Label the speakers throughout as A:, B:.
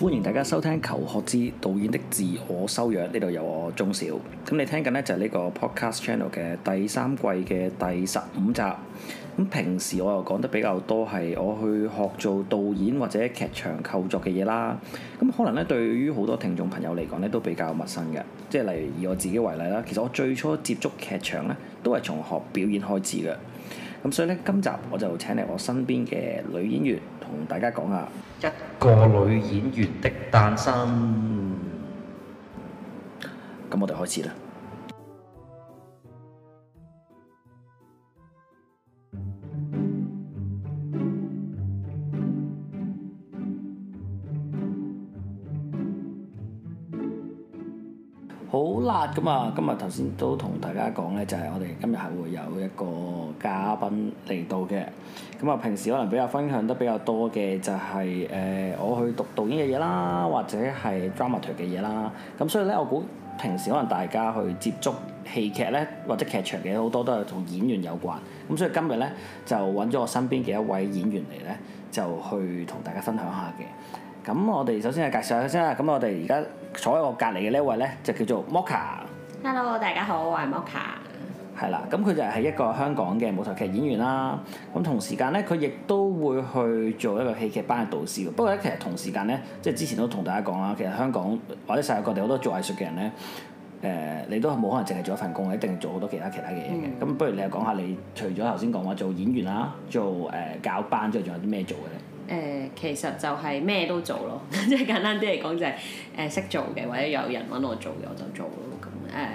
A: 歡迎大家收聽求學誌導演的自我修養，呢度有我鍾小。咁你聽緊呢就係、是、呢個 Podcast Channel 嘅第三季嘅第十五集。咁平時我又講得比較多係我去學做導演或者劇場構作嘅嘢啦。咁可能咧對於好多聽眾朋友嚟講咧都比較陌生嘅，即係例如以我自己為例啦。其實我最初接觸劇場咧都係從學表演開始嘅。咁所以呢，今集我就請嚟我身邊嘅女演員同大家講下一個女演員的誕生。咁我哋開始啦。辣咁啊！今日頭先都同大家講咧，就係我哋今日係會有一個嘉賓嚟到嘅。咁啊，平時可能比較分享得比較多嘅就係、是、誒、呃，我去讀導演嘅嘢啦，或者係 dramatur 嘅嘢啦。咁所以咧，我估平時可能大家去接觸戲劇咧，或者劇場嘅好多都係同演員有關。咁所以今日咧，就揾咗我身邊嘅一位演員嚟咧，就去同大家分享下嘅。咁我哋首先係介紹下先啦。咁我哋而家坐喺我隔離嘅呢一位咧，就叫做 Mocha。
B: Hello，大家好，我係 Mocha。
A: 係啦，咁佢就係一個香港嘅舞台劇演員啦。咁同時間咧，佢亦都會去做一個戲劇班嘅導師。不過咧，其實同時間咧，即係之前都同大家講啦，其實香港或者世界各地好多做藝術嘅人咧，誒、呃，你都冇可能淨係做一份工，一定做好多其他其他嘅嘢嘅。咁、嗯、不如你又講下，你除咗頭先講話做演員啦，做誒、呃、教班，仲有啲
B: 咩做嘅咧？誒、呃、其實就係咩都做咯，即 係簡單啲嚟講就係誒識做嘅，或者有人揾我做我就做咯，咁誒，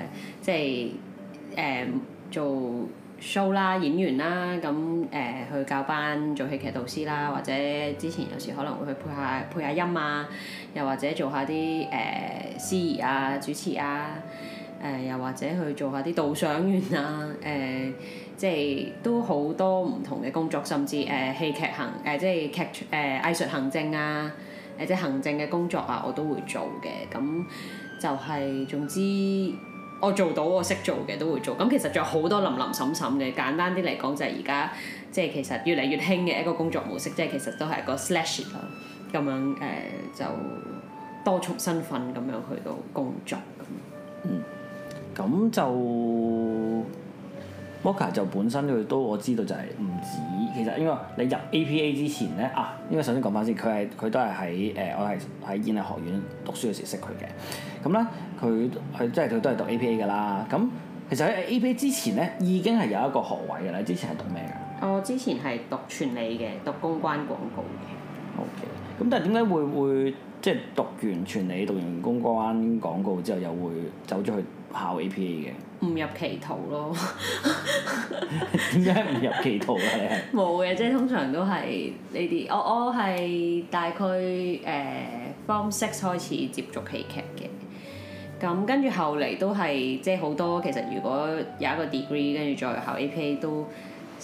B: 即係誒、呃、做 show 啦、演員啦，咁誒、呃、去教班做戲劇導師啦，或者之前有時可能會去配下配下音啊，又或者做下啲誒、呃、司儀啊、主持啊，誒、呃、又或者去做下啲導賞員啊，誒、呃。即係都好多唔同嘅工作，甚至誒戲劇行誒即係劇誒藝術行政啊，誒即係行政嘅工作啊，我都會做嘅。咁就係，總之我做到我識做嘅都會做。咁其實仲有好多林林沈沈嘅，簡單啲嚟講就係而家即係其實越嚟越興嘅一個工作模式，即係其實都係一個 slash 啊咁樣，誒就多重身份咁樣去到工作咁。嗯，咁就。
A: Mocha、ok、就本身佢都我知道就係唔止，其實應該你入 APA 之前咧啊，應該首先講翻先，佢係佢都係喺誒，我係喺演藝學院讀書嘅時候識佢嘅。咁咧佢佢即係佢都係讀 APA 嘅啦。咁其實喺 APA 之前
B: 咧已經係有一個學位嘅啦。之前係讀咩嘅？我之前係讀傳理嘅，讀公關廣告嘅。
A: O.K. 咁但係點解會會即係、就是、讀完傳理、讀完公關廣告之後又會走咗去考 APA 嘅？
B: 誤入歧途咯，
A: 點解唔入歧途咧？
B: 冇嘅， 即係通常都係呢啲。我我係大概誒 form six 開始接觸戲劇嘅，咁跟住後嚟都係即係好多。其實如果有一個 degree，跟住再考 APA 都。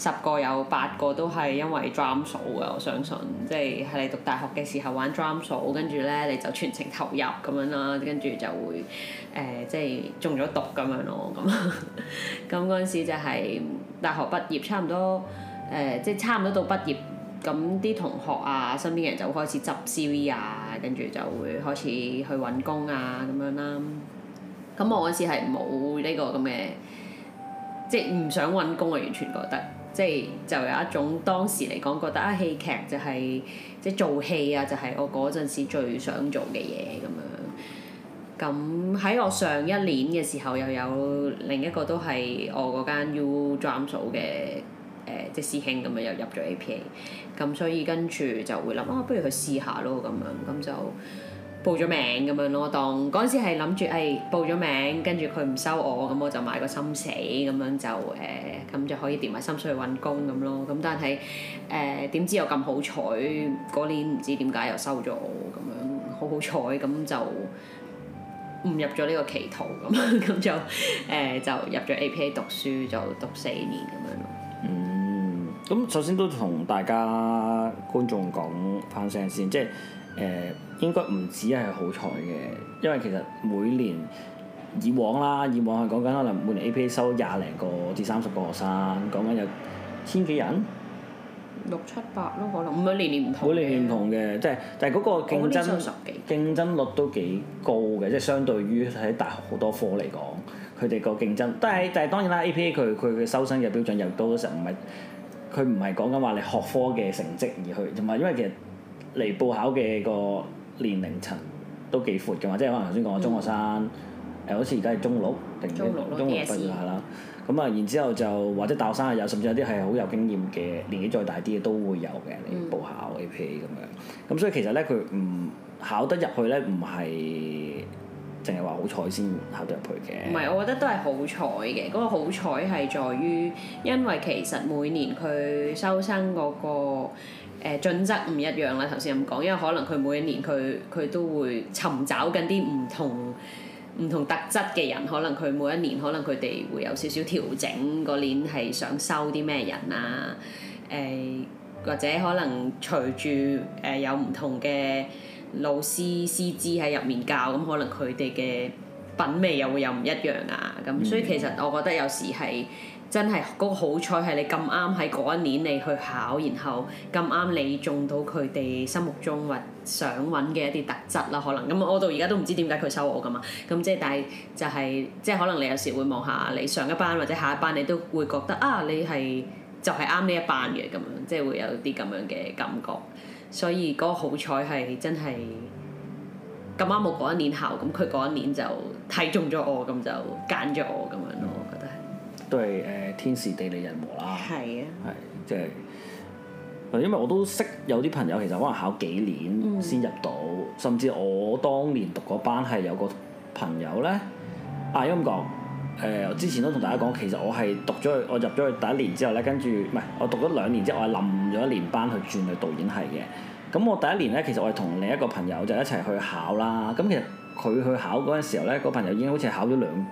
B: 十個有八個都係因為 drama soc 嘅，我相信，即係喺你讀大學嘅時候玩 drama soc 跟住咧你就全程投入咁樣啦，跟住就會誒、呃、即係中咗毒咁樣咯，咁咁嗰陣時就係大學畢業差唔多誒、呃，即係差唔多到畢業，咁啲同學啊身邊嘅人就會開始執 CV 啊，跟住就會開始去揾工啊咁樣啦，咁我嗰陣時係冇呢個咁嘅，即係唔想揾工啊，完全覺得。即係就有一種當時嚟講覺得啊戲劇就係即係做戲啊就係、是、我嗰陣時最想做嘅嘢咁樣。咁喺我上一年嘅時候又有另一個都係我嗰間 U Drams 嘅誒、呃、即師兄咁樣又入咗 APA。咁所以跟住就會諗啊，不如去試下咯咁樣咁就。報咗名咁樣咯，當嗰陣時係諗住，誒、哎、報咗名，跟住佢唔收我，咁我就買個心死，咁樣就誒，咁、呃、就可以掉埋心水去揾工咁咯。咁但係誒點知又咁好彩，嗰年唔知點解又收咗我，咁樣好好彩，咁就誤入咗呢個歧途咁，咁就誒、呃、就入咗 APA 讀書，就讀四年咁樣咯。
A: 嗯，咁首先都同大家觀眾講翻聲先，即係。誒應該唔止係好彩嘅，因為其實每年以往啦，以往係講緊可能每年 APA 收廿零個至三十個學生，講緊有 1, 千幾人，
B: 六七百咯可能，唔係年年唔同，
A: 每年唔同嘅，即係就係、是、嗰個競爭，個競爭率都幾高嘅，即、就、係、是、相對於喺大學好多科嚟講，佢哋個競爭都係，但係、嗯、當然啦，APA 佢佢佢收生嘅標準又高嘅時候，唔係，佢唔係講緊話你學科嘅成績而去，同埋因為其實。嚟報考嘅個年齡層都幾闊嘅嘛，即係可能頭先講嘅中學生，誒、嗯呃、好似而家係中六定中六，中六畢業係啦。咁啊六，然之後就或者大學生啊，有甚至有啲係好有經驗嘅，嗯、年紀再大啲嘅都會有嘅嚟報考、AP、APA 咁樣。咁、嗯、所以其實咧，佢唔考得入去咧，唔係淨係話好彩先考得入去嘅。唔係，
B: 我覺得都係好彩嘅。嗰、嗰個好彩係在於，因為其實每年佢收生嗰、嗰個。誒準則唔一樣啦，頭先咁講，因為可能佢每一年佢佢都會尋找緊啲唔同唔同特質嘅人，可能佢每一年可能佢哋會有少少調整，嗰年係想收啲咩人啊？誒、呃、或者可能隨住誒、呃、有唔同嘅老師師資喺入面教，咁可能佢哋嘅品味又會又唔一樣啊。咁所以其實我覺得有時係。真係嗰個好彩係你咁啱喺嗰一年你去考，然後咁啱你中到佢哋心目中或想揾嘅一啲特質啦，可能咁我到而家都唔知點解佢收我㗎嘛。咁即係但係就係即係可能你有時會望下你上一班或者下一班，你都會覺得啊，你係就係啱呢一班嘅咁樣，即係會有啲咁樣嘅感覺。所以嗰好彩係真係咁啱冇嗰一年考，咁佢嗰一年就睇中咗我，咁就揀咗我咁樣。
A: 都係誒、呃、天時地利人和啦，係、啊、即係，因為我都識有啲朋友其實可能考幾年先入到，嗯、甚至我當年讀嗰班係有個朋友咧，啊，因咁講誒，我、呃、之前都同大家講，其實我係讀咗去，我入咗去第一年之後咧，跟住唔係我讀咗兩年之後，我係冧咗一年班去轉去導演系嘅。咁我第一年咧，其實我係同另一個朋友就一齊去考啦。咁其實佢去考嗰陣時候咧，個朋友已經好似係考咗兩、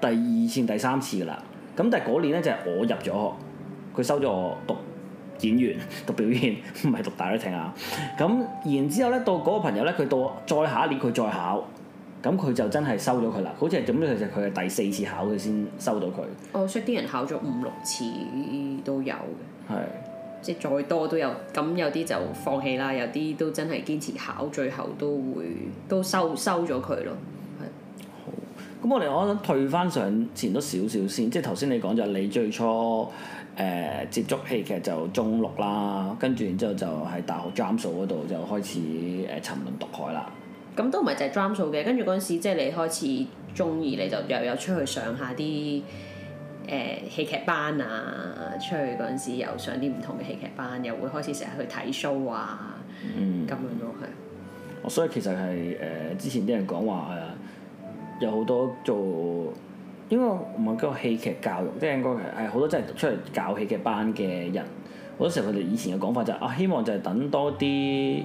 A: 第二次、第三次噶啦。咁但係嗰年咧就係我入咗學，佢收咗我讀演員、讀表演，唔 係讀大啦，聽下。咁然之後咧，到嗰個朋友咧，佢到再下一年佢再考，咁佢就真係收咗佢啦。好似係咁樣，其實佢係第四次考佢先收到佢。
B: 我識啲人考咗五六次都有嘅，係是即係再多都有。咁有啲就放棄啦，有啲都真係堅持考，最後都會都收收咗佢咯。
A: 咁我哋我想退翻上前咗少少先，即係頭先你講就係你最初誒、呃、接觸戲劇就中六啦，跟住然之後就喺大學 Jam 數嗰度就開始誒沉淪毒海啦。
B: 咁都唔係就係 Jam 數嘅，跟住嗰陣時即係你開始鍾意，你就又有出去上下啲誒戲劇班啊，出去嗰陣時又上啲唔同嘅戲劇班，又會開始成日去睇 show 啊，咁樣咯係。
A: 所以其實係誒、呃、之前啲人講話誒。有好多做，應該唔係叫個戲劇教育，即係應該係好多真係出嚟教戲劇班嘅人。好多時候，佢哋以前嘅講法就係、是、啊，希望就係等多啲誒、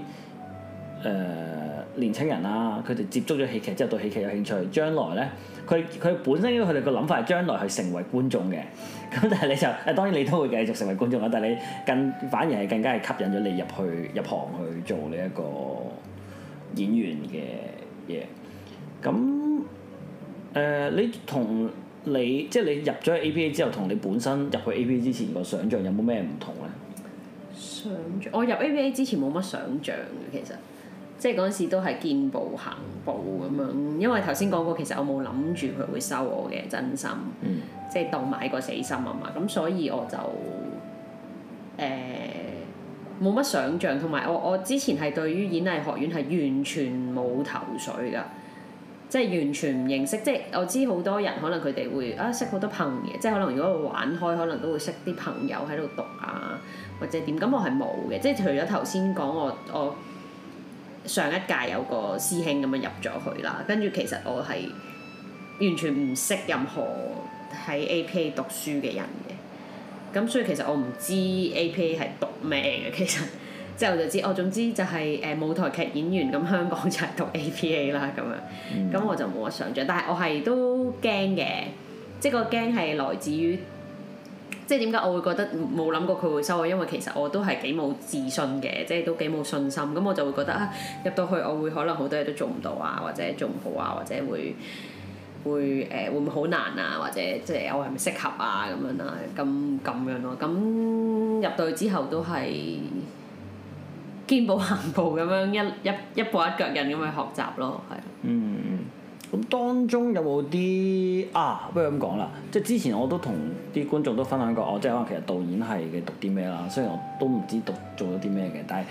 A: 呃、年輕人啊，佢哋接觸咗戲劇之後對戲劇有興趣，將來咧，佢佢本身因為佢哋個諗法係將來係成為觀眾嘅。咁但係你就誒、啊、當然你都會繼續成為觀眾啦，但係你更反而係更加係吸引咗你入去入行去做呢一個演員嘅嘢。咁。誒、呃，你同你即係你入咗 A.P.A. 之後，同你本身入去 A.P.A. 之前個想，想像有冇咩唔同咧？
B: 想像我入 A.P.A. 之前冇乜想像嘅，其實即係嗰陣時都係見步行步咁樣，因為頭先講過，其實我冇諗住佢會收我嘅真心，嗯、即係當買個死心啊嘛，咁所以我就誒冇乜想像，同埋我我之前係對於演藝學院係完全冇頭水㗎。即係完全唔認識，即係我知好多人可能佢哋會啊識好多朋友嘅，即係可能如果我玩開，可能都會識啲朋友喺度讀啊，或者點？咁我係冇嘅，即係除咗頭先講我我上一屆有個師兄咁樣入咗去啦，跟住其實我係完全唔識任何喺 APA 讀書嘅人嘅，咁所以其實我唔知 APA 係讀咩嘅其實。之後就知哦，我總之就係、是、誒、呃、舞台劇演員咁。香港就係讀、AP、A P A 啦，咁樣咁我就冇乜想象。但係我係都驚嘅，即係個驚係來自於即係點解我會覺得冇諗過佢會收我，因為其實我都係幾冇自信嘅，即係都幾冇信心咁，我就會覺得入到、啊、去我會可能好多嘢都做唔到啊，或者做唔好啊，或者會會誒、呃、會唔會好難啊，或者即係我係咪適合啊咁樣啦，咁咁樣咯。咁入到去之後都係。肩步行步咁樣一一一步一腳印咁去學習咯，係。嗯，
A: 咁當中有冇啲啊，不如咁講啦，即係之前我都同啲觀眾都分享過，我、哦、即係可能其實導演系嘅讀啲咩啦，雖然我都唔知讀做咗啲咩嘅，但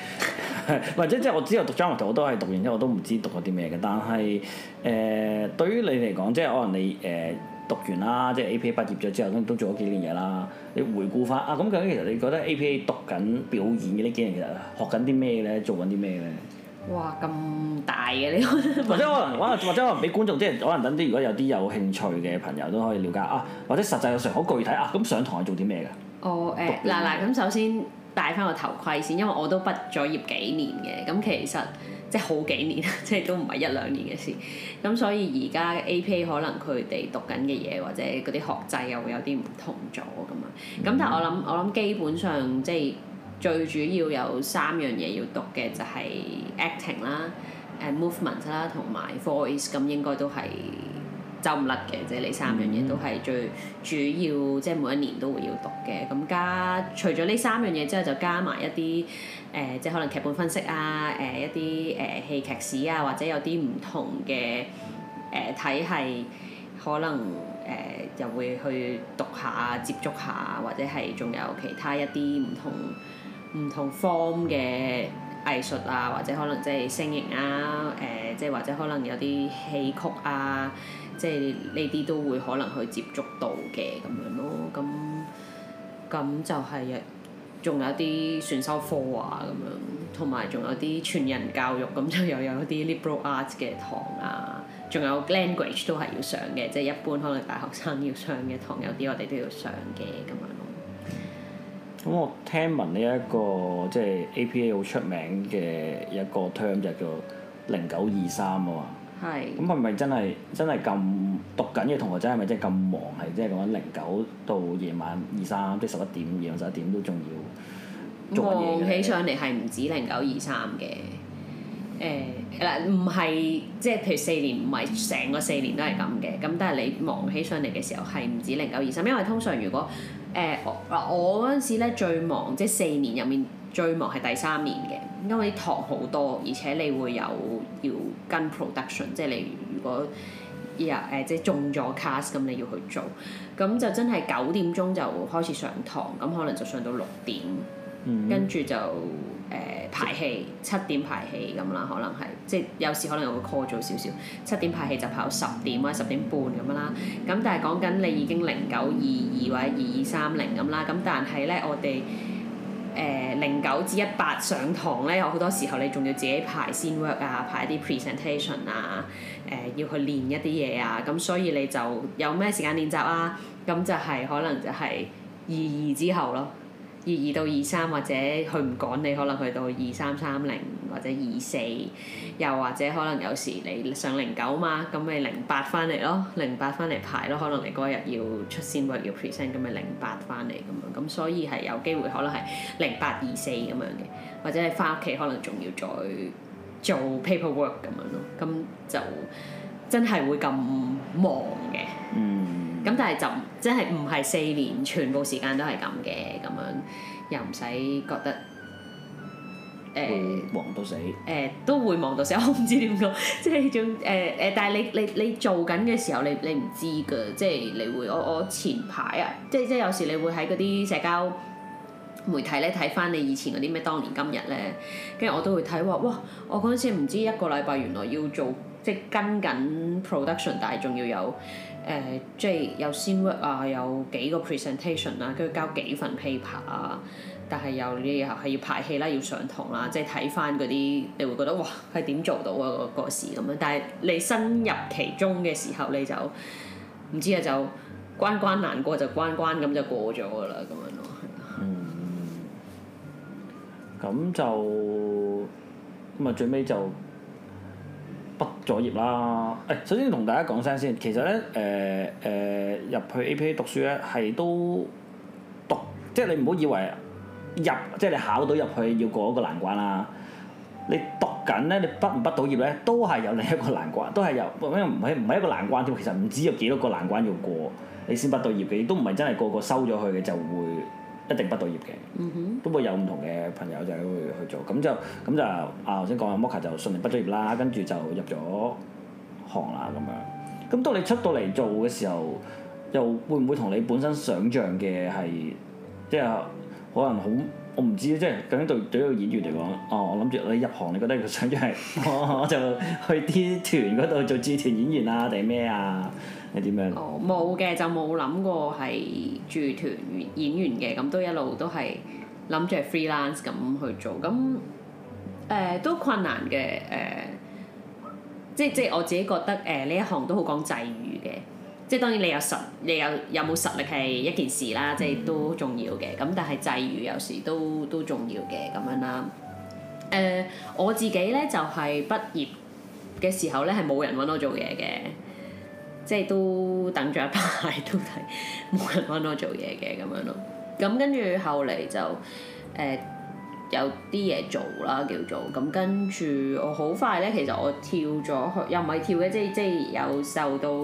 A: 係 或者即係我知道讀 journal 我都係讀完之後我都唔知讀咗啲咩嘅，但係誒、呃、對於你嚟講，即係可能你誒。呃讀完啦，即係 A P A 畢業咗之後都都做咗幾年嘢啦。你回顧翻啊，咁究竟其實你覺得、AP、A P A 讀緊表演嘅呢幾年其實學緊啲咩咧？做緊啲咩咧？
B: 哇！咁大嘅你或者可能或或者
A: 可能俾觀眾，即係可能等啲如果有啲有興趣嘅朋友都可以了解啊。或者實際上好具體啊，咁上堂係做啲咩㗎？哦
B: 誒嗱嗱，咁首先戴翻個頭盔先，因為我都畢咗業幾年嘅，咁其實。即係好幾年，即係都唔係一兩年嘅事。咁、嗯、所以而家 APA 可能佢哋讀緊嘅嘢或者嗰啲學制又會有啲唔同咗咁啊。咁但係我諗，嗯、我諗基本上即係最主要有三樣嘢要讀嘅就係、是、acting 啦、啊、誒 movement 啦同埋 voice，咁應該都係走唔甩嘅，即係呢三樣嘢都係最主要，即係每一年都會要讀嘅。咁加除咗呢三樣嘢之後，就加埋一啲誒、呃，即係可能劇本分析啊，誒、呃、一啲誒、呃、戲劇史啊，或者有啲唔同嘅誒、呃、體系，可能誒又、呃、會去讀下、接觸下，或者係仲有其他一啲唔同唔同 form 嘅。藝術啊，或者可能即係聲型啊，誒、呃，即係或者可能有啲戲曲啊，即係呢啲都會可能去接觸到嘅咁樣咯，咁咁就係、是、啊，仲有啲選修課啊咁樣，同埋仲有啲全人教育，咁就又有啲 liberal arts 嘅堂啊，仲有 language 都係要上嘅，即、就、係、是、一般可能大學生要上嘅堂，有啲我哋都要上嘅咁樣。
A: 咁我聽聞呢、這個、一個即係 A.P.A 好出名嘅一個 term 就係、叫零九二三啊嘛，
B: 咁
A: 係咪真係真係咁讀緊嘅同學仔係咪真係咁忙？係即係講緊零九到夜晚二三，即係十一點、夜晚十一點都仲要
B: 忙起上嚟係唔止零九二三嘅。誒嗱唔係，即係譬如四年唔係成個四年都係咁嘅，咁但係你忙起上嚟嘅時候係唔止零九二三，因為通常如果誒嗱、呃，我嗰陣時咧最忙，即係四年入面最忙係第三年嘅，因為啲堂好多，而且你會有要跟 production，即係你如果又誒、呃、即係中咗 cast 咁，你要去做，咁就真係九點鐘就開始上堂，咁可能就上到六點，嗯嗯跟住就。誒、呃、排戲七點排戲咁啦，可能係即係有時可能我會 call 早少少，七點排戲就排到十點或者十點半咁啦。咁但係講緊你已經零九二二或者二二三零咁啦。咁但係咧，我哋誒零九至一八上堂咧，好多時候你仲要自己排先 work 啊，排啲 presentation 啊，誒、呃、要去練一啲嘢啊。咁所以你就有咩時間練習啊？咁就係、是、可能就係二二之後咯。二二到二三或者佢唔趕你，可能去到二三三零或者二四，又或者可能有時你上零九嘛，咁咪零八翻嚟咯，零八翻嚟排咯，可能你嗰日要出先，或要 present，咁咪零八翻嚟咁樣，咁所以係有機會可能係零八二四咁樣嘅，或者係翻屋企可能仲要再做 paperwork 咁樣咯，咁就真係會咁忙嘅。嗯。咁但係就即係唔係四年，全部時間都係咁嘅，咁樣又唔使覺得誒忙、呃、到死。誒、呃、都會忙到死，我唔知點講，即係一種誒但係你你你做緊嘅時候，你你唔知㗎，即係你會我我前排啊，即即有時你會喺嗰啲社交媒體呢睇返你以前嗰啲咩當年今日呢，跟住我都會睇話哇，我嗰陣時唔知一個禮拜原來要做即跟緊 production，但係仲要有。誒，即係、呃就是、有 scene work 啊，有幾個 presentation 啊，跟住交幾份 paper 啊，但係有啲又係要排戲啦、啊，要上堂啦、啊，即係睇翻嗰啲，你會覺得哇，係點做到啊個、那個事咁樣、啊？但係你深入其中嘅時候，你就唔知啊，就關關難過就關關咁就過咗噶啦，咁樣咯，
A: 係咁、嗯、就咁啊，最尾就。畢咗業啦，誒，首先同大家講聲先，其實咧，誒誒入去 APA 讀書咧，係都讀，即係你唔好以為入，即係你考到入去要過一個難關啦。你讀緊咧，你畢唔畢到業咧，都係有另一個難關，都係有，唔係唔係一個難關添，其實唔知有幾多個難關要過你，你先畢到業嘅，都唔係真係個個收咗去嘅就會。一定畢到業嘅，都會、mm hmm. 有唔同嘅朋友就去去做，咁就咁就啊頭先講啊，Moka 就順利畢咗業啦，跟住就入咗行啦咁樣。咁當你出到嚟做嘅時候，又會唔會同你本身想像嘅係即係可能好？我唔知，即係咁樣對對個演員嚟講，嗯、哦，我諗住你入行，你覺得佢想即係、 哦，我就去啲團嗰度做駐團演
B: 員啊，定咩啊？定你點樣？哦，冇嘅，就冇諗過係駐團演員嘅，咁都一路都係諗住係 freelance 咁去做，咁誒、呃、都困難嘅誒、呃，即即係我自己覺得誒呢、呃、一行都好講際遇嘅。即係當然，你有實，你有有冇實力係一件事啦，嗯、即係都重要嘅。咁但係際遇有時都都重要嘅咁樣啦。誒、呃，我自己咧就係、係、畢業嘅時候咧係冇人搵我做嘢嘅，即係都等咗一排都係冇人搵我做嘢嘅咁樣咯。咁跟住後嚟就誒、呃、有啲嘢做啦，叫做，咁跟住我好快咧。其實我跳咗去，又唔係跳嘅，即係即係有受到。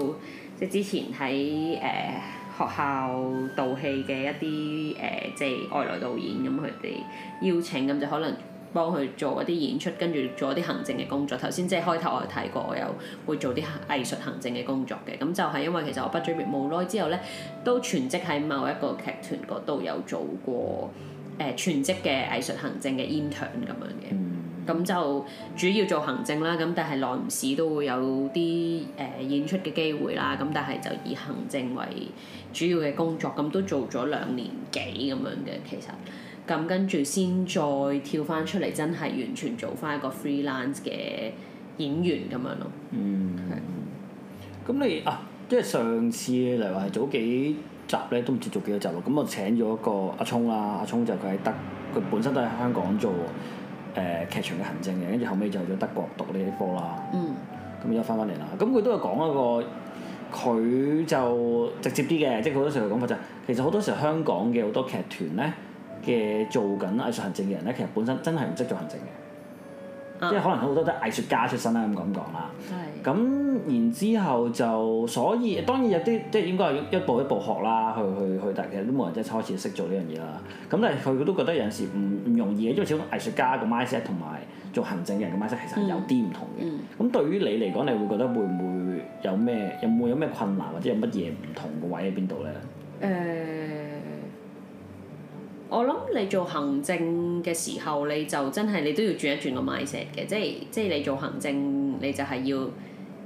B: 即之前喺誒、呃、學校導戲嘅一啲誒、呃，即係外來導演咁，佢哋邀請咁就可能幫佢做一啲演出，跟住做一啲行政嘅工作。頭先即係開頭我睇過，我有會做啲藝術行政嘅工作嘅，咁就係因為其實我不追別無耐之後咧，都全職喺某一個劇團嗰度都有做過誒、呃、全職嘅藝術行政嘅 intern 咁樣嘅。嗯咁就主要做行政啦，咁但係耐唔時都會有啲誒、呃、演出嘅機會啦。咁但係就以行政為主要嘅工作，咁都做咗兩年幾咁樣嘅其實。咁跟住先再跳翻出嚟，真係完全做翻一個 freelance 嘅演員咁樣咯。嗯，係。咁你啊，
A: 即係上次嚟話係早幾集咧，都唔知做幾多集咯。咁我請咗一個阿聰啦，阿聰，阿聰就佢喺德，佢本身都喺香港做。誒、呃、劇場嘅行政嘅，跟住後尾就去咗德國讀呢啲科啦。咁而家翻翻嚟啦。咁佢都有講一個，佢就直接啲嘅，即係好多時候佢講法就係、是，其實好多時候香港嘅好多劇團呢嘅做緊藝術行政嘅人呢，其實本身真係唔識做行政嘅。啊、即係可能好多都藝術家出身啦，咁講啦。咁是 然之後就所以當然有啲即係應該係一步一步學啦，去去去，但其實都冇人即係開始識做呢樣嘢啦。咁但係佢都覺得有陣時唔唔容易嘅，因為始終藝術家個 mindset 同埋做行政嘅人嘅 mindset 其實係有啲唔同嘅。咁、嗯嗯、對於你嚟講，你會覺得會唔會有咩有冇有咩困難，或者有乜嘢唔同嘅位喺邊度咧？
B: 誒。呃我諗你做行政嘅時候，你就真係你都要轉一轉個 mindset 嘅，即係即係你做行政，你就係要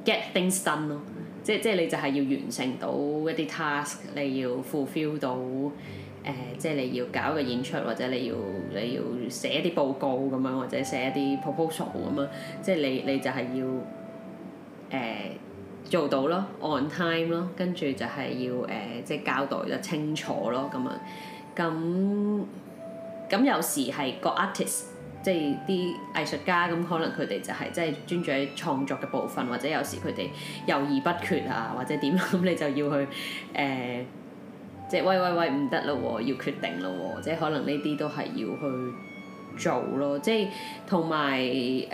B: get things done 咯，即即係你就係要完成到一啲 task，你要 fulfill 到誒、呃，即係你要搞一個演出或者你要你要寫一啲報告咁樣或者寫一啲 proposal 咁樣，即係你你就係要誒、呃、做到咯，on time 咯，跟住就係要誒即係交代得清楚咯咁樣。咁咁有時係個 artist，即係啲藝術家咁，家可能佢哋就係即係專注喺創作嘅部分，或者有時佢哋猶豫不決啊，或者點咁，你就要去誒，即係喂喂喂，唔得咯喎，要決定咯喎，即係可能呢啲都係要去做咯，即係同埋誒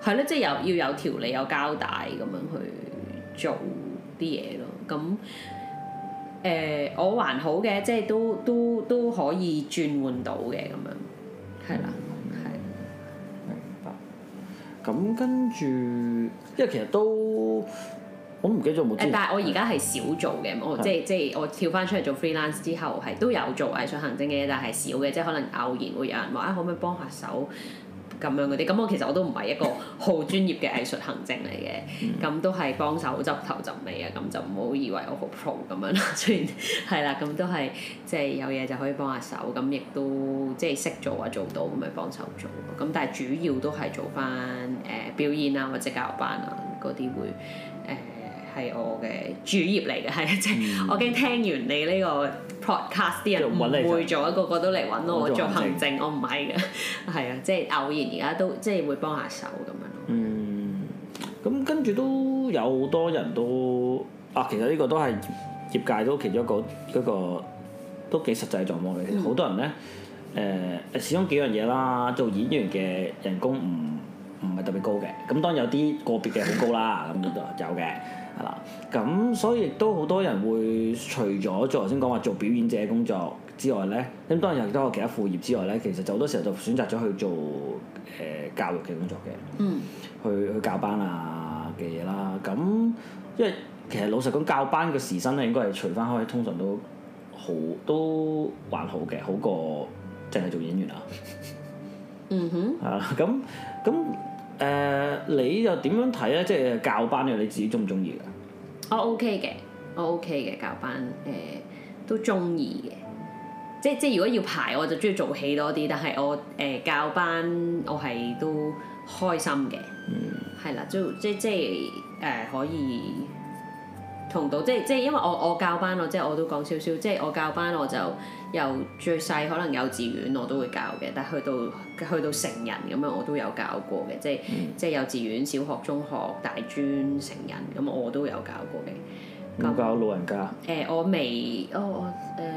B: 係咯，即係有，呃，就係有要有條理有交代咁樣去做啲嘢咯，咁。誒，我還好嘅，即係都都都可以轉換到嘅咁樣，係啦，係。明
A: 白。咁跟住，因為其實都，我都唔記得做冇。誒，但係我而家係少做
B: 嘅，我即係即係我跳翻出嚟做 freelance 之後，係都有做藝術行政嘅，但係少嘅，即係可能偶然會有人話啊，可唔可以幫下手？咁樣嗰啲，咁我其實我都唔係一個好專業嘅藝術行政嚟嘅，咁、嗯、都係幫手執頭執尾啊，咁就唔好以為我好 pro 咁樣啦。雖然係啦，咁、嗯、 都係即係有嘢就可以幫下手，咁亦都即係識做啊，做到咁咪幫手做。咁但係主要都係做翻誒、呃、表演啊，或者教學班啊嗰啲會誒係、呃、我嘅主業嚟嘅，係即係我驚聽完你呢、這個。podcast 啲人唔會做，個個都嚟揾我做行政，我唔係嘅，係 啊，即係偶然而家都即係會幫下手咁樣咯。嗯，
A: 咁跟住都有好多人都啊，其實呢個都係業界都其中一個嗰個都幾實際嘅狀況嚟嘅。好多人咧誒呃，始終幾樣嘢啦，做演員嘅人工唔唔係特別高嘅。咁當然有啲個別嘅好高啦，咁都 有嘅。嗱，咁所以亦都好多人會除咗做頭先講話做表演者嘅工作之外咧，咁當然有好多其他副業之外咧，其實就好多時候就選擇咗去做誒、呃、教育嘅工作嘅，
B: 嗯
A: 去，去去教班啊嘅嘢啦，咁因為其實老實講教班嘅時薪咧，應該係除翻開通常都好都還好嘅，好過淨係做演員啊， 嗯哼啊，啊咁咁誒，你又就點樣睇咧？即係教班嘅你自己中唔中意嘅？
B: 我、oh, OK 嘅，我、oh, OK 嘅教班，誒、uh, 都中意嘅，即係即係如果要排我就中意做戲多啲，但係我誒、uh, 教班我係都開心嘅，mm. 嗯，係啦，即即即誒、呃、可以。同到即係即係，因為我我教班咯，即係我都講少少，即係我教班我就由最細可能幼稚園我都會教嘅，但係去到去到成人咁樣我都有教過嘅，即係、嗯、即係幼稚園、小學、中學、大專、成人咁我都有教過嘅。教教老人家？誒、呃，我未，我我誒，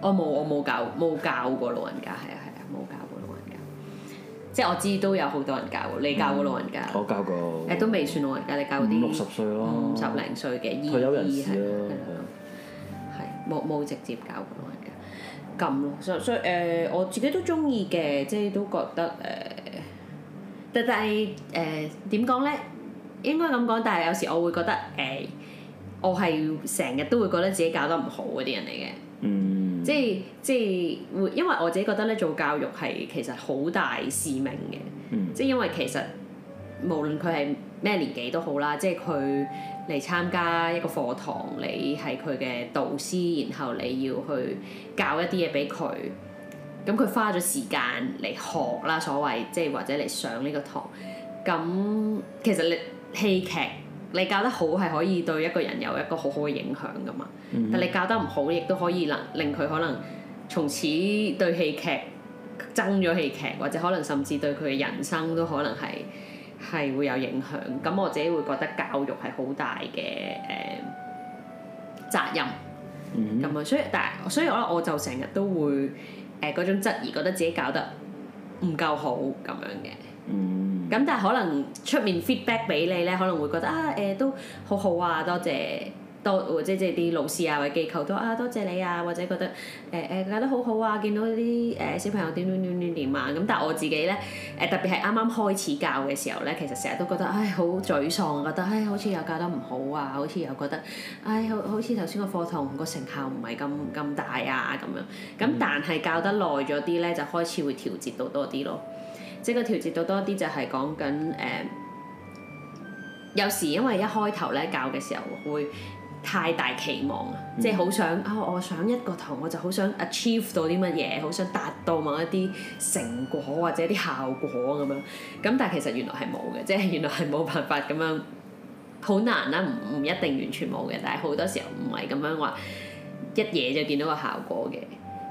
B: 我冇、呃，我冇教冇教過老人家，係啊係啊，冇、教。即係我知都有好多人教喎，你教過老人家？嗯、我教過。誒、哎，都未算老人家，你教嗰啲六十歲咯，五、嗯、十零歲嘅醫醫士係冇冇直接教過老人家，咁六十歲，所以、呃、我自己都中意嘅，即係都覺得誒、呃，但係誒點講咧？應該咁講，但係有時我會覺得誒、呃，我係成日都會覺得自己教得唔好嗰啲人嚟嘅。嗯。即係，即係，會，因為我自己覺得咧，做教育係其實好大使命嘅。嗯、即係因為其實無論佢係咩年紀都好啦，即係佢嚟參加一個課堂，你係佢嘅導師，然後你要去教一啲嘢俾佢。咁佢花咗時間嚟學啦，所謂即係或者嚟上呢個堂。咁其實你戲劇。你教得好係可以對一個人有一個好好嘅影響噶嘛，mm hmm. 但你教得唔好，亦都可以能令佢可能從此對戲劇爭咗戲劇，或者可能甚至對佢嘅人生都可能係係會有影響。咁我自己會覺得教育係好大嘅誒、呃、責任咁啊、mm hmm.，所以但係所以我咧我就成日都會誒嗰、呃、種質疑，覺得自己教得唔夠好咁樣嘅。Mm hmm. 咁但係可能出面 feedback 俾你咧，可能會覺得啊誒、呃、都好好啊，多謝多或者即係啲老師啊或者機構都啊多謝你啊，或者覺得誒誒教得好好啊，見到啲誒、呃、小朋友點點點點點啊咁，但係我自己咧誒特別係啱啱開始教嘅時候咧，其實成日都覺得唉好沮喪，覺得唉好似又教得唔好啊，好似又覺得唉好好似頭先個課堂個成效唔係咁咁大啊咁樣。咁但係教得耐咗啲咧，就開始會調節到多啲咯。即係個調節到多啲，就係講緊誒，有時因為一開頭咧教嘅時候會太大期望啊，即係好想啊、哦，我想一個堂我就好想 achieve 到啲乜嘢，好想達到某一啲成果或者啲效果咁樣。咁但係其實原來係冇嘅，即係原來係冇辦法咁樣，好難啦。唔唔一定完全冇嘅，但係好多時候唔係咁樣話一嘢就見到個效果嘅。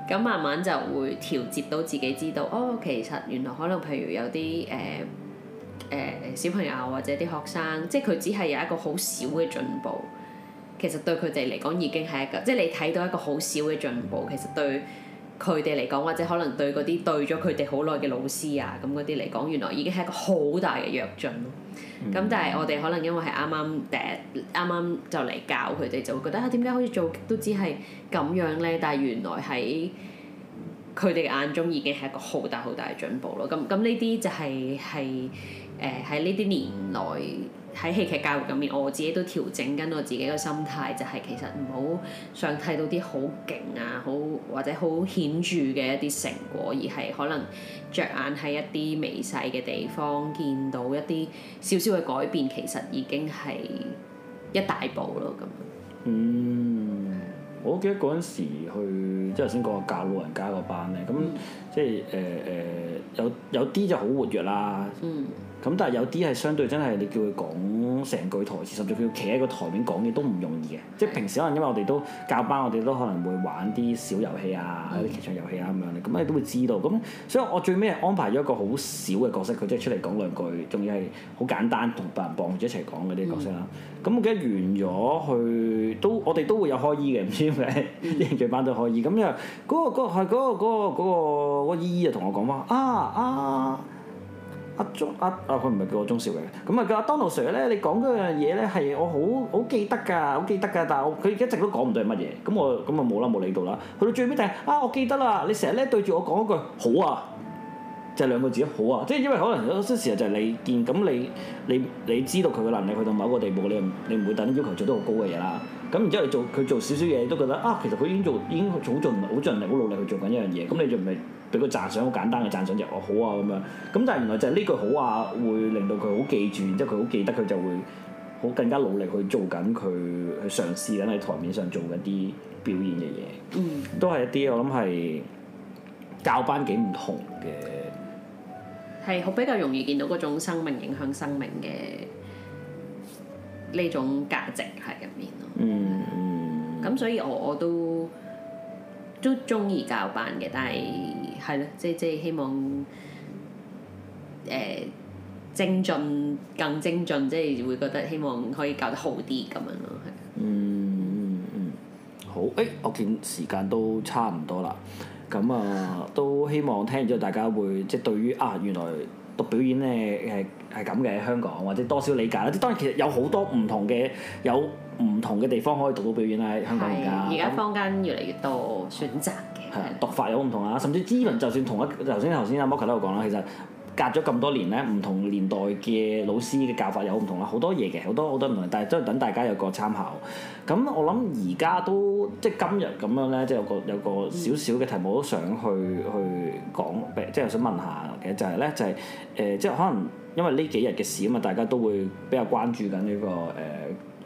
B: 咁慢慢就會調節到自己知道，哦，其實原來可能譬如有啲誒誒小朋友或者啲學生，即係佢只係有一個好少嘅進步，其實對佢哋嚟講已經係一個，即係你睇到一個好少嘅進步，其實對佢哋嚟講，或者可能對嗰啲對咗佢哋好耐嘅老師啊，咁嗰啲嚟講，原來已經係一個好大嘅躍進咯。咁、嗯、但係我哋可能因為係啱啱誒，啱啱就嚟教佢哋，就會覺得啊，點解可以做都只係咁樣咧？但係原來喺佢哋眼中已經係一個好大好大嘅進步咯。咁咁呢啲就係係誒喺呢啲年內，喺戲劇教育入面，我自己都調整緊我自己嘅心態，就係、是、其實唔好想睇到啲好勁啊、好或者好顯著嘅一啲成果，而係可能着眼喺一啲微細嘅地方，見到一啲少少嘅改變，其實已經係一大步咯。咁嗯，
A: 我記得嗰陣時去即係頭先講教老人家嗰班咧，咁、嗯、即係誒誒有有啲就好活躍啦。嗯。咁但係有啲係相對真係你叫佢講成句台詞，甚至佢要企喺個台面講嘢都唔容易嘅。即係平時可能因為我哋都教班，我哋都可能會玩啲小遊戲啊，啲劇場遊戲啊咁樣。咁你都會知道。咁所，所以我最尾安排咗一個好少嘅角色，佢即係出嚟講兩句，仲要係好簡單同別人幫住一齊講嗰啲角色啦。咁我記得完咗去都，我哋都會有開衣嘅，唔知點解啲人最班都開衣。咁樣嗰個嗰係嗰個嗰個嗰個嗰個姨姨就同我講話啊啊。阿鐘佢唔係叫我鍾少榮嘅，咁啊個 Donald Sir 咧，你講嗰樣嘢咧係我好好記得㗎，好記得㗎，但係我佢一直都講唔到係乜嘢。咁我咁啊冇啦，冇理到啦。去到最尾就係啊，我記得啦，你成日咧對住我講一句好啊，就係、兩個字好啊，即係因為可能有啲時候就係你見咁你你你知道佢嘅能力去到某一個地步，你唔你唔會等要求做得好高嘅嘢啦。咁然之後做佢做少少嘢，都覺得啊，其實佢已經做已經好盡好盡力好努力去做緊一樣嘢，咁你就唔係？俾佢讚賞，好簡單嘅讚賞就係、哦好啊咁樣，咁但係原來就係呢句好啊，會令到佢好記住，然之後佢好記得佢就會好更加努力去做緊佢，去嘗試緊喺台面上做緊啲表演嘅嘢，嗯都，都係一啲我諗係教班幾唔同嘅，
B: 係好比較容易見到嗰種生命影響生命嘅呢種價值喺入面咯。嗯，咁、嗯、所以我我都。都中意教班嘅，但係係咯，即即、嗯就是就是、希望誒、呃、精進更精進，即、就是、會覺得希望可以教得好啲咁樣咯，係。嗯嗯嗯，
A: 好，誒、欸，我見時間都差唔多啦，咁啊、呃，都希望聽完之後大家會即對於啊，原來讀表演咧誒。係咁嘅，喺香港，或者多少理解啦。即當然其實有好多唔同嘅，有唔同嘅地方可以讀到表演啦喺香港而家。而家坊間越嚟越多選擇嘅。係啊、嗯，讀法有唔同啊。甚至資歷，就算同一頭先頭先阿摩 a 都有講啦。其實。隔咗咁多年咧，唔同年代嘅老師嘅教法有唔同啦，好多嘢嘅，好多好多唔同。但係都係等大家有個參考。咁我諗而家都即係今日咁樣咧，即係有個有個少少嘅題目都想去去講，即係想問下嘅就係咧，就係、是、誒、就係呃，即係可能因為呢幾日嘅事啊嘛，大家都會比較關注緊、這、呢個誒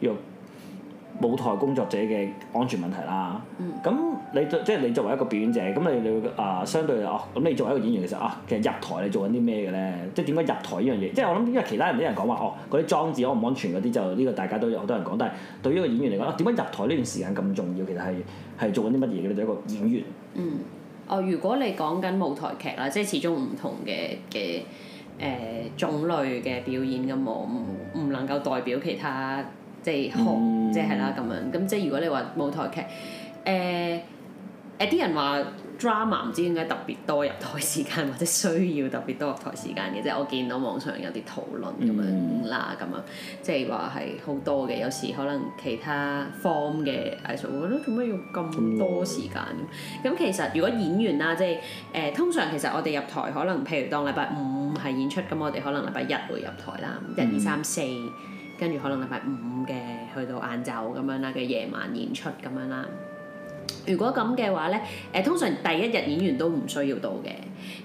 A: 若。呃舞台工作者嘅安全問題啦，咁、嗯、你即係、就是、你作為一個表演者，咁你你會啊、呃、相對哦，咁你作為一個演員其實啊，其實入台你做緊啲咩嘅咧？即係點解入台呢樣嘢？即係、嗯、我諗，因為其他人啲人講話哦，嗰啲裝置安唔安全嗰啲就呢個大家都有好多人講，但係對於一個演員嚟講，點、啊、解入台呢段時間咁重要？其實係係做緊啲乜嘢嘅咧？你對一個演員，
B: 嗯，哦、呃，如果你講緊舞台劇啦，即係始終唔同嘅嘅誒種類嘅表演嘅冇，唔唔能夠代表其他。即係學，即係啦咁樣。咁即係如果你話舞台劇，誒誒啲人話 drama 唔知點解特別多入台時間，或者需要特別多入台時間嘅，即係我見到網上有啲討論咁樣啦，咁、嗯、樣即係話係好多嘅。有時可能其他 form 嘅藝術，我覺得做咩要咁多時間？咁、嗯、其實如果演員啦，即係誒、呃、通常其實我哋入台可能，譬如當禮拜五係演出咁，我哋可能禮拜一會入台啦，一、嗯、二、三、四。跟住可能禮拜五嘅，去到晏晝咁樣啦嘅夜晚演出咁樣啦。如果咁嘅話咧，誒、呃、通常第一日演員都唔需要到嘅。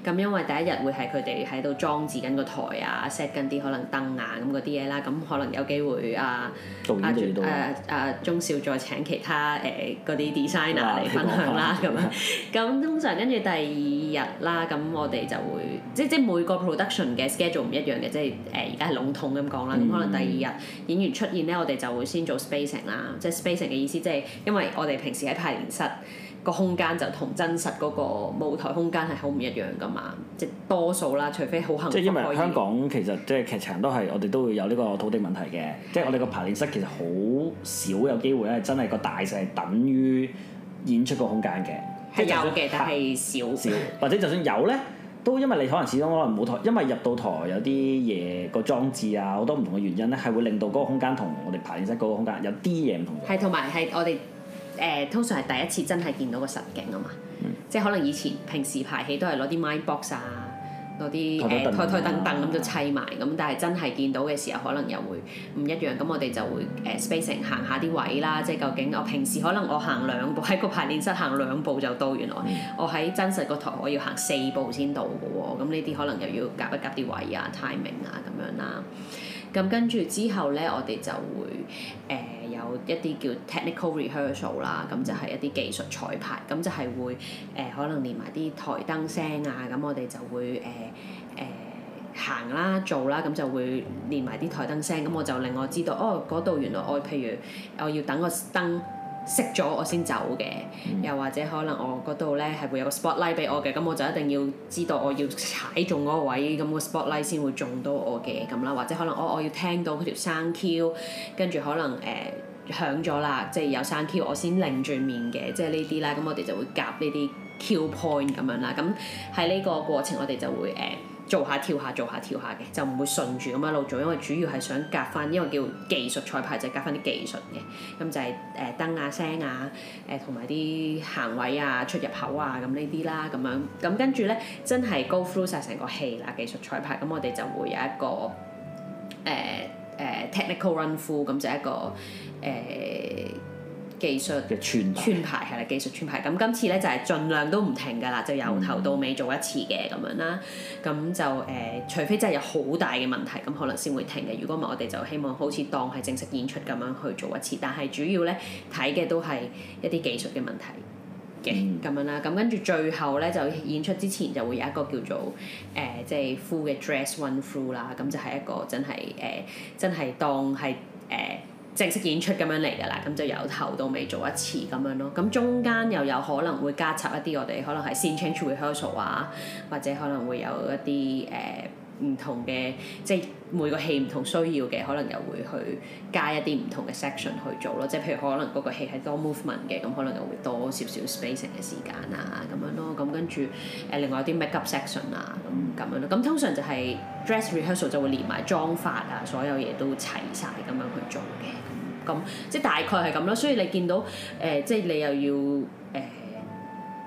B: 咁因為第一日會係佢哋喺度裝置緊個台啊，set 緊啲可能燈啊咁嗰啲嘢啦，咁可能有機會啊啊誒啊中少再請其他誒嗰啲 designer 嚟分享啦咁樣。咁通常跟住第二日啦，咁我哋就會即即每個 production 嘅 schedule 唔一樣嘅，即係誒而家係籠統咁講啦。咁、嗯、可能第二日演員出現咧，我哋就會先做 spacing 啦，即 spacing 嘅意思即係因為我哋平時喺排練室。個空間就同真實嗰個舞台空間係好唔一樣噶嘛，即多數啦，除非好幸福。即係因為香港其實即係劇場都係我哋都會有呢個土地問題嘅，
A: 是的 即係我哋個排練室其實好少有機會咧，真係個大細等於演出個空間嘅。係有嘅，算但係是少少，或者就算有咧，都因為你可能始終可能冇台，因為入到台有啲嘢個裝置啊，好多唔同嘅原因咧，係會令到嗰個空間同我哋排練室嗰個空間有啲嘢唔同。係
B: 同埋係我哋。誒通常係第一次真係見到個實景啊嘛，嗯、即係可能以前平時排戲都係攞啲 mind box 啊，攞啲枱枱凳凳咁就砌埋，咁、嗯呃、但係真係見到嘅時候，可能又會唔一樣。咁我哋就會誒 spacing 行下啲位啦，嗯、即係究竟我平時可能我行兩步喺個排練室行兩步就到，原來我喺真實個台我要行四步先到嘅喎。咁呢啲可能又要夾一夾啲位啊、timing 啊咁樣啦。咁跟住之後咧，我哋就會誒、呃、有一啲叫 technical rehearsal 啦，咁就係一啲技術彩排，咁就係會誒、呃、可能連埋啲台燈聲啊，咁我哋就會誒誒、呃呃、行啦做啦，咁就會連埋啲台燈聲，咁我就令我知道，哦，嗰度原來我譬如我要等個燈，熄咗我先走嘅，又或者可能我嗰度咧，係會有個 spotlight 俾我嘅，咁我就一定要知道我要踩中嗰個位，咁個 spotlight 先會中到我嘅咁啦，或者可能我我要聽到佢條生 Q，跟住可能誒響咗啦，即係有生 Q，我先擰轉面嘅，即係呢啲啦，咁我哋就會夾呢啲 Q point 咁樣啦，咁喺呢個過程我哋就會誒。呃做下跳下做下跳下嘅，就唔會順住咁樣路做，因為主要係想夾翻，因為叫技術彩排就係夾翻啲技術嘅，咁就係誒、呃、燈啊聲啊，誒同埋啲行位啊出入口啊咁呢啲啦，咁樣，咁跟住咧真係 go through 曬成個戲啦，技術彩排，咁我哋就會有一個誒誒、呃呃、technical run through 咁就一個。誒、呃。技術嘅串排係啦，技術串排，咁今次咧就係、是、盡量都唔停㗎啦，就由頭到尾做一次嘅咁、嗯、樣啦。咁就誒、呃，除非真係有好大嘅問題，咁可能先會停嘅。如果唔係，我哋就希望好似當係正式演出咁樣去做一次。但係主要咧睇嘅都係一啲技術嘅問題嘅咁、嗯、樣啦。咁跟住最後咧就演出之前就會有一個叫做誒即係 full 嘅 dress run through 啦。咁就係一個真係誒、呃、真係當係誒。呃正式演出咁樣嚟㗎啦，咁就由頭到尾做一次咁樣咯。咁中間又有可能會加插一啲我哋可能係 scene change rehearsal 啊，或者可能會有一啲誒。呃唔同嘅，即係每個戲唔同需要嘅，可能又會去加一啲唔同嘅 section 去做咯。即係譬如可能嗰個戲係多 movement 嘅，咁可能又會多少少 spacing 嘅時間啊咁樣咯。咁跟住誒、呃、另外有啲 makeup section 啊咁咁樣咯。咁通常就係 dress rehearsal 就會連埋妝髮啊，所有嘢都齊晒咁樣去做嘅。咁咁即係大概係咁咯。所以你見到誒、呃、即係你又要。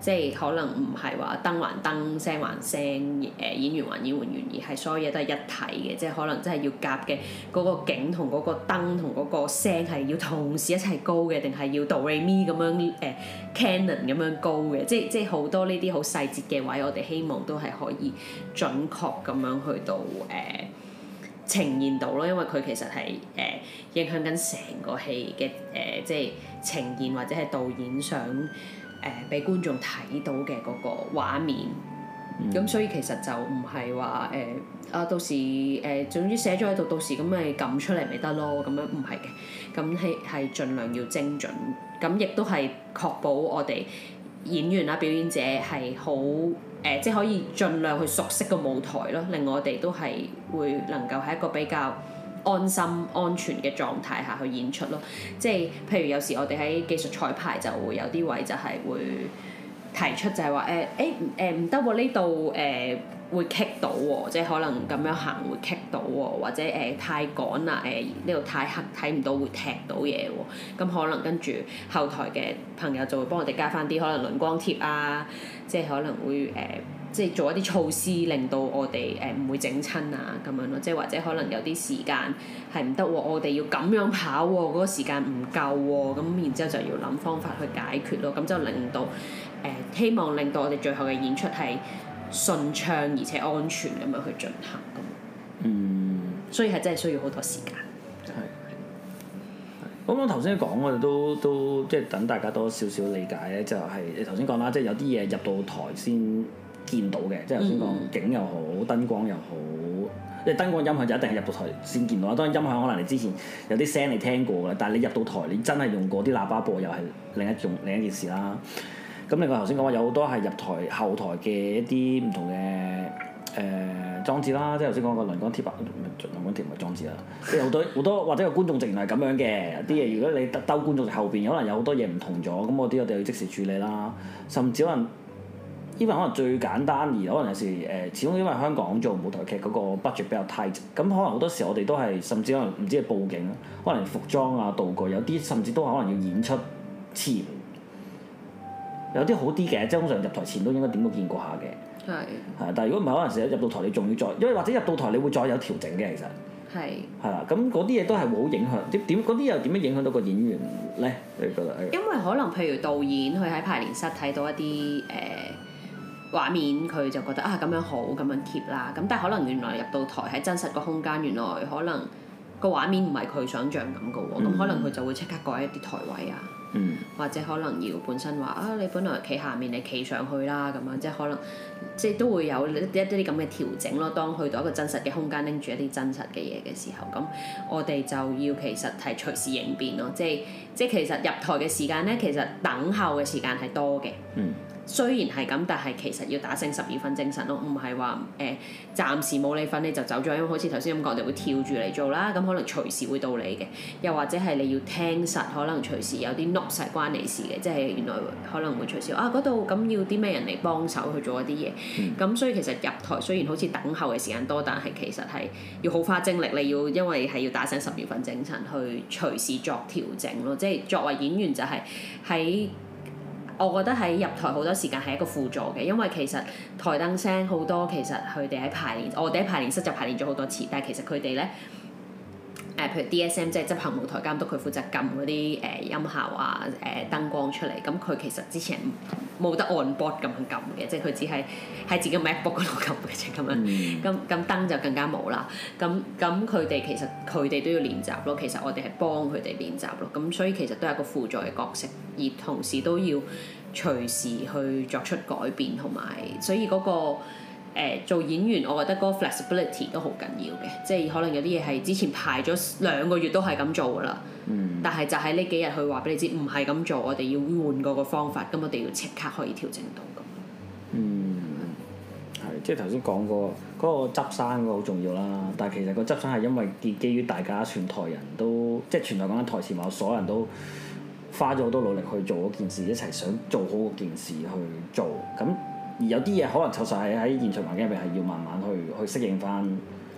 B: 即係可能唔係話燈還燈，聲還聲誒、呃、演員還演員，而係所有嘢都係一體嘅，即係可能真係要夾嘅嗰個景同嗰個燈同嗰個聲係要同時一齊高嘅，定係要 do re mi 咁樣誒、呃、canon 咁樣高嘅，即係即係好多呢啲好細節嘅位，我哋希望都係可以準確咁樣去到誒、呃、呈現到咯，因為佢其實係誒、呃、影響緊成個戲嘅誒、呃，即係呈現或者係導演想。誒俾、呃、觀眾睇到嘅嗰個畫面，咁、嗯、所以其實就唔係話誒啊，到時誒、呃、總之寫咗喺度，到時咁咪撳出嚟咪得咯。咁樣唔係嘅，咁係係盡量要精準，咁亦都係確保我哋演員啊、表演者係好誒，即係可以盡量去熟悉個舞台咯，令我哋都係會能夠喺一個比較安心安全嘅狀態下去演出咯，即係譬如有時我哋喺技術彩排就會有啲位就係會提出就係話誒誒誒，唔得喎，呢度誒會棘到喎，即係可能咁樣行會棘到喎，或者誒、欸、太趕啦，誒呢度太黑睇唔到會踢到嘢喎，咁、嗯、可能跟住後台嘅朋友就會幫我哋加翻啲可能輪光貼啊，即係可能會誒。欸即係做一啲措施，令到我哋誒唔會整親啊咁樣咯。即係或者可能有啲時間係唔得喎，我哋要咁樣跑喎，嗰個時間唔夠喎，咁然之後就要諗方法去解決咯。咁就令到誒，希望令到我哋最後嘅演出係順暢而且安全咁樣去進行咁。嗯，所以係真係需要好多時間。
A: 係係。咁我頭先講我哋都都即係等大家多少少理解咧，就係你頭先講啦，即係有啲嘢入到台先。見到嘅，即係頭先講景又好，燈光又好，即係燈光音響就一定係入到台先見到啦。當然音響可能你之前有啲聲你聽過嘅，但係你入到台你真係用過啲喇叭播又係另一種另一件事啦。咁另外頭先講話有好多係入台後台嘅一啲唔同嘅誒、呃、裝置啦，即係頭先講個輪光貼白、輪光貼唔係裝置啦，即係好多好多或者個觀眾席係咁樣嘅啲嘢。的如果你兜觀眾席後邊，可能有好多嘢唔同咗，咁啲我哋要即時處理啦，甚至可能。因為可能最簡單，而可能有時誒，始終因為香港做舞台劇嗰個 budget 比較 tight，咁可能好多時我哋都係，甚至可能唔知係佈景，可能服裝啊、道具，有啲甚至都可能要演出前，有啲好啲嘅，即係通常入台前都應該點都見過下嘅。係是。係，但係如果唔係，可能時入到台你仲要再，因為或者入到台你會再有調整嘅，其實。係是。係啦，咁嗰啲嘢都係會好影響點點，嗰啲又點樣影響到個演員咧？你覺得？因
B: 為可能譬如導演佢喺排練室睇到一啲誒。呃畫面佢就覺得啊，咁樣好咁樣貼啦，咁但係可能原來入到台喺真實個空間，原來可能個畫面唔係佢想像咁嘅喎。咁、嗯、可能佢就會即刻改一啲台位啊，嗯、或者可能要本身話啊，你本來企下面你企上去啦咁樣。即係可能即係都會有一啲啲咁嘅調整咯。當去到一個真實嘅空間拎住一啲真實嘅嘢嘅時候，咁我哋就要其實係隨時應變咯。即係即係其實入台嘅時間咧，其實等候嘅時間係多嘅。嗯雖然係咁，但係其實要打醒十二分精神咯，唔係話誒暫時冇你份你就走咗，因為好似頭先咁講，我哋會跳住嚟做啦。咁可能隨時會到你嘅，又或者係你要聽實，可能隨時有啲 notes 關你的事嘅，即係原來可能會隨時啊嗰度。咁要啲咩人嚟幫手去做一啲嘢？咁、嗯、所以其實入台雖然好似等候嘅時間多，但係其實係要好花精力，你要因為係要打醒十二分精神去隨時作調整咯。即係作為演員就係、是、喺。我覺得喺入台好多時間係一個輔助嘅，因為其實台燈聲好多，其實佢哋喺排練，我哋喺排練室就排練咗好多次，但係其實佢哋咧。誒，譬如 DSM 即係執行舞台監督，佢負責撳嗰啲誒音效啊、誒、呃、燈光出嚟。咁佢其實之前冇得按 board 咁樣撳嘅，即係佢只係喺自己 MacBook 度撳嘅啫咁樣。咁咁、mm hmm. 燈就更加冇啦。咁咁佢哋其實佢哋都要練習咯。其實我哋係幫佢哋練習咯。咁所以其實都係一個輔助嘅角色，而同時都要隨時去作出改變同埋，所以嗰個。呃、做演員，我覺得嗰個 flexibility 都好緊要嘅，即係可能有啲嘢係之前排咗兩個月都係咁做噶啦，嗯、但係就喺呢幾日去話俾你知，唔係咁做，我哋要換個個方法，咁我哋要即刻可以調整到咁。嗯，
A: 係吧，即係頭先講嗰個嗰個執生，嗰個好重要啦。嗯、但係其實個執生係因為基基於大家全台人都即係全台講緊台詞嘛，所有人都花咗好多努力去做嗰件事，一齊想做好嗰件事去做咁。而有啲嘢可能確實係喺現場環境入面係
B: 要慢慢去
A: 去適應翻。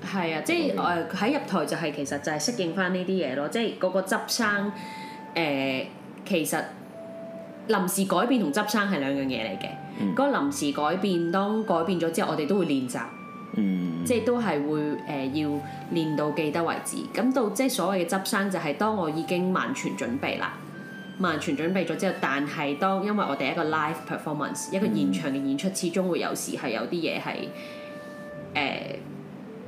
B: 係啊，即係誒喺入台就係、是、其實就係適應翻呢啲嘢咯，即係嗰個執生誒、呃，其實臨時改變同執生係兩樣嘢嚟嘅。嗰、嗯、臨時改變當改變咗之後，我哋都會練習，嗯、即係都係會誒、呃、要練到記得為止。咁到即係所謂嘅執生就係當我已經完全準備啦。完全準備咗之後，但係當因為我哋一個 live performance，嗯，一個現場嘅演出，始終會有時係有啲嘢係誒，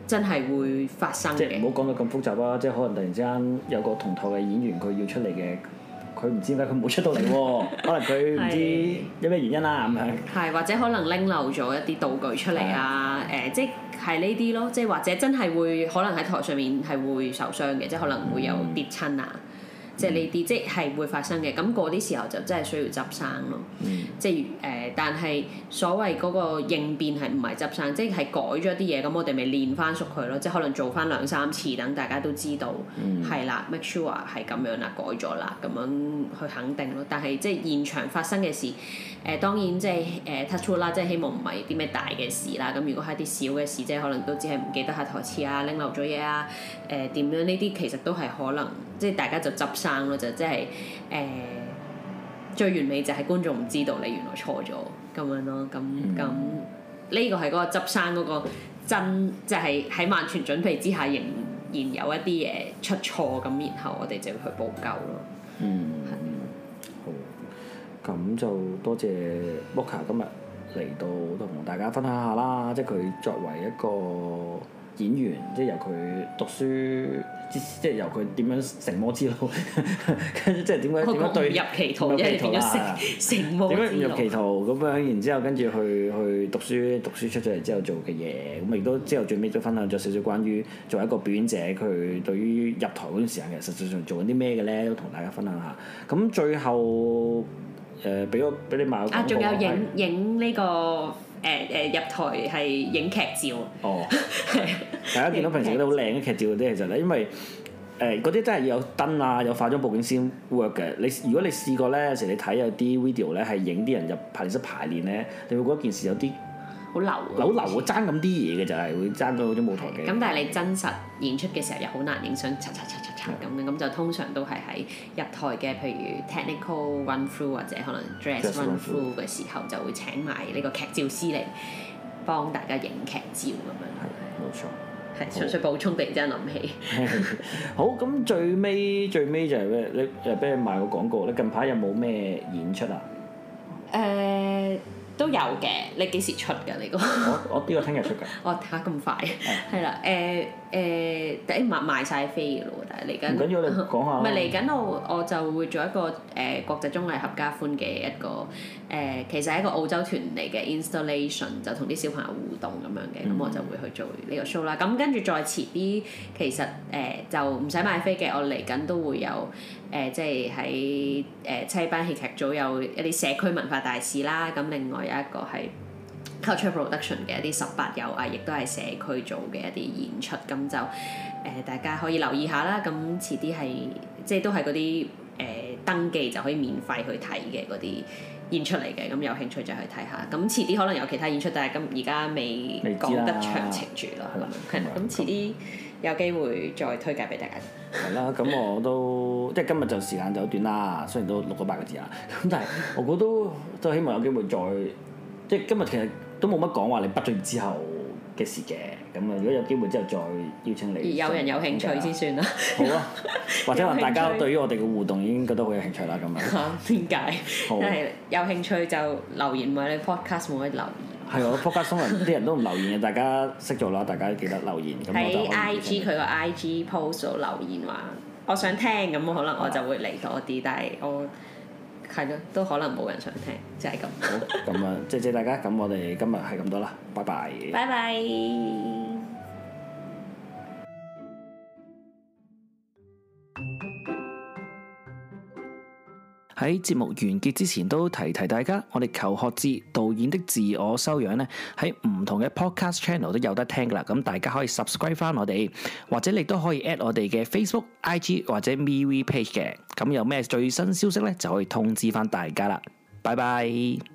B: 真係會發生嘅。即係唔好講到咁複雜啊！即係可能突然之
A: 間有個同台嘅演員，佢要出嚟嘅，佢唔知點解佢冇出到嚟喎？ 可能佢
B: 唔知 有咩原因啦咁樣。係或者可能拎漏咗一啲道具出嚟啊？誒的、呃，即係呢啲咯。即係或者真係會可能喺台上面係會受傷嘅，即係可能會有跌親啊。嗯嗯、即係呢啲，即係會發生嘅。咁嗰啲時候就真係需要執生咯。嗯、即係誒、呃，但係所謂嗰個應變係唔係執生，即係改咗啲嘢，咁我哋咪練翻熟佢咯。即係可能做翻兩三次，等大家都知道係、嗯、啦，make sure 係咁樣啦，改咗啦，咁樣去肯定咯。但係即係現場發生嘅事，誒、呃、當然即係誒 touch wood 啦，即係希望唔係啲咩大嘅事啦。咁如果係啲小嘅事，即係可能都只係唔記得下台詞啊，拎漏咗嘢啊，誒、呃、點樣呢啲其實都係可能。即係大家就執生咯，就即係誒最完美就係觀眾唔知道你原來錯咗咁樣咯，咁咁呢個係嗰個執生嗰個真，就係喺萬全準備之下仍然有一啲嘢出錯，咁然後我哋就要去補救
A: 咯。嗯係，好，咁就多謝 Moka 今日嚟到同大家分享下啦，即係佢作為一個，演員，即係由佢讀書，即係由佢點樣成魔之路， 即係點解點解對入歧途，入歧途啦，點解 入歧途咁樣？ 然之後跟住去去讀書，讀書出咗嚟之後做嘅嘢，咁亦都之後最尾都分享咗少少關於作為一個表演者，佢對於入台嗰段時間其實實際上在做緊啲咩嘅咧，都同大家分享下。咁最後誒，俾、呃、我俾你我啊，仲有影
B: 影呢個？誒誒、呃、入台係影劇
A: 照。哦、 大家見到平時嗰啲好靚嘅劇照嗰啲，其實咧，因為誒嗰啲真係要有燈啊，有化妝佈景先 work 嘅。你如果你試過咧，常常有時你睇有啲 video 咧，係影啲人入排練室排練咧，你會覺得件事有啲
B: 好流，好流爭
A: 咁啲嘢嘅就係會爭到嗰種舞台嘅。咁但係你
B: 真實演出嘅時候又好難影相，擦擦擦咁嘅，咁就通常都係喺入台嘅，譬如 technical run through 或者可能 dress run through 嘅時候就會請埋呢個劇照師嚟幫大家影劇照咁樣。係係，冇錯。係，純粹補充，突然之間諗起。
A: 好，咁 最尾最尾就係、是、咩？你又俾人賣個廣告？你近排有冇咩演出啊？誒、
B: uh。都有嘅，你幾時出㗎？呢 個我
A: 我呢個聽日出
B: 㗎？我睇、 哦、下咁快，係啦的，誒。 呃誒，抵賣賣曬飛嘅咯喎，但，但下係嚟緊唔係嚟緊，啊、我我就會做一個誒、呃、國際綜藝合家歡嘅一個誒、呃，其實係一個澳洲團嚟嘅 installation，就同啲小朋友互動咁樣嘅，咁、嗯、我就會去做呢個 show 啦、啊。咁跟住再遲啲，其實誒、呃、就唔使買飛嘅，我嚟緊都會有誒、呃，即係喺誒七班戲劇組有一啲社區文化大使啦。咁另外有一個係。Culture Production 嘅一啲十八友啊，亦都係社區做嘅一啲演出，咁就誒、呃、大家可以留意下啦。咁遲啲係即係都係嗰啲誒登記就可以免費去睇嘅嗰啲演出嚟嘅，咁有興趣就去睇下。咁遲啲可能有其他演出，但係咁而家未講得詳情住咯。咁咁遲啲有機會再推介俾大家。
A: 係啦，咁我都 即係今日就時間就短啦，雖然都錄咗八個字啦。咁但係我估都，都希望有機會再即係今日其實。都冇乜講話你畢咗業之後嘅事嘅，咁啊，如果有機會之後再邀請你，有人有興趣先算啦。好啊吧， 趣或者話大家對於我哋嘅互動已經覺得好有興趣啦，咁樣，
B: 點解？好
A: 因為
B: 有興趣就留言，唔係你 podcast 冇可留
A: 言。係啊，我 podcast 啲人都唔留言嘅，大家識做啦，大家記得留言。喺在 IG 佢
B: 個 IG post 度留言話，我想聽，咁可能我就會嚟多啲，但係我。係咯，都可能冇人想聽，就係咁。
A: 好，咁啊，謝謝大家，咁我哋今日係咁多啦，拜拜。拜拜。喺節目完結之前都提提大家，我哋求學誌導演的自我修養咧，喺唔同嘅 podcast channel 都有得聽噶啦。咁大家可以 subscribe 翻我哋，或者你都可以 at 我哋嘅 Facebook、IG 或者 MeWe page 嘅。咁有咩最新消息咧，就可以通知翻大家啦。
B: 拜拜。